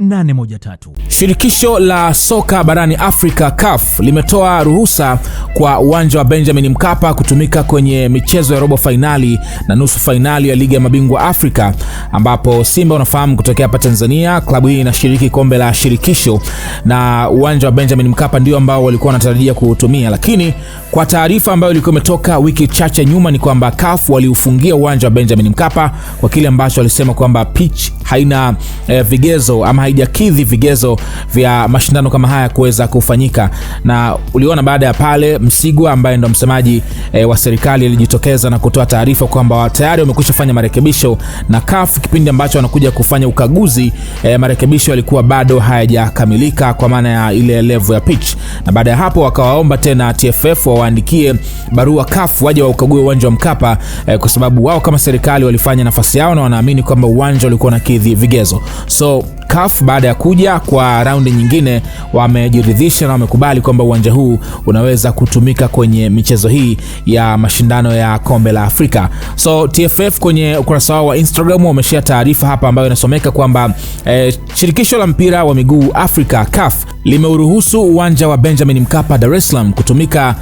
813. Shirikisho la soka barani Afrika CAF limetoa ruhusa kwa uwanja wa Benjamin Mkapa kutumika kwenye michezo ya robo fainali na nusu fainali ya ligi ya mabingwa Afrika, ambapo Simba unafahamu kutokea hapa Tanzania, klabu hii inashiriki kombe la shirikisho na uwanja wa Benjamin Mkapa ndio ambao walikuwa wanatarajia kuutumia, lakini kwa taarifa ambayo ilikuwa imetoka wiki chache nyuma ni kwamba CAF waliufungia uwanja wa Benjamin Mkapa kwa kile ambacho walisema kwamba pitch haina eh, vigezo ama kama haijakidhi vigezo vya mashindano kama haya kuweza kufanyika, na uliona baada ya pale Msigwa ambaye ndo msemaji e, wa serikali alijitokeza na kutoa taarifa kwamba tayari wamekwisha fanya marekebisho na CAF kipindi ambacho wanakuja kufanya ukaguzi e, marekebisho yalikuwa bado hayajakamilika kwa maana ya ile level ya pitch, na baada ya hapo wakawaomba tena TFF wawaandikie barua CAF waje waukague uwanja wa Mkapa e, kwa sababu wao kama serikali walifanya nafasi yao na wanaamini kwamba uwanja ulikuwa na kidhi vigezo so CAF baada ya kuja kwa raundi nyingine wamejiridhisha na wamekubali kwamba uwanja huu unaweza kutumika kwenye michezo hii ya mashindano ya kombe la Afrika. So TFF kwenye ukurasa wao wa Instagram wameshare taarifa hapa ambayo inasomeka kwamba eh, shirikisho la mpira wa miguu Afrika CAF limeuruhusu uwanja wa Benjamin Mkapa Dar es Salaam kutumika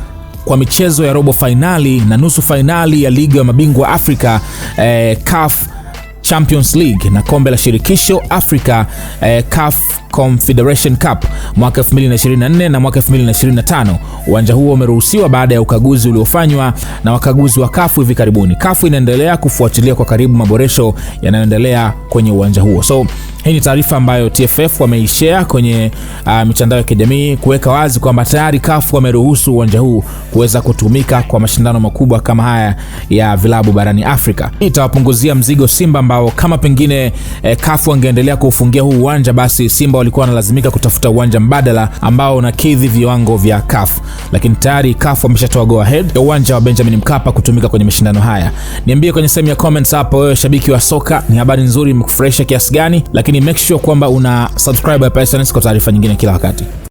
kwa michezo ya robo fainali na nusu fainali ya ligi ya mabingwa Afrika eh, CAF Champions League na kombe la shirikisho africa eh, CAF Confederation Cup mwaka 2024 na mwaka 2025. Uwanja huo umeruhusiwa baada ya ukaguzi uliofanywa na wakaguzi wa kafu hivi karibuni. Kafu inaendelea kufuatilia kwa karibu maboresho yanayoendelea kwenye uwanja huo. So hii ni taarifa ambayo TFF wameishare kwenye uh, mitandao ya kijamii kuweka wazi kwamba tayari CAF wameruhusu uwanja huu kuweza kutumika kwa mashindano makubwa kama haya ya vilabu barani Afrika. Hii itawapunguzia mzigo Simba ambao kama pengine eh, CAF wangeendelea kuufungia huu uwanja, basi Simba walikuwa wanalazimika kutafuta uwanja mbadala ambao unakidhi viwango vya CAF, lakini tayari CAF wameshatoa go ahead ya uwanja wa Benjamin Mkapa kutumika kwenye mashindano haya. Niambie kwenye sehemu ya comments hapo, wewe shabiki wa soka, ni habari nzuri imekufurahisha kiasi gani? lakini lakini make sure kwamba una subscribe hapa SnS kwa taarifa nyingine kila wakati.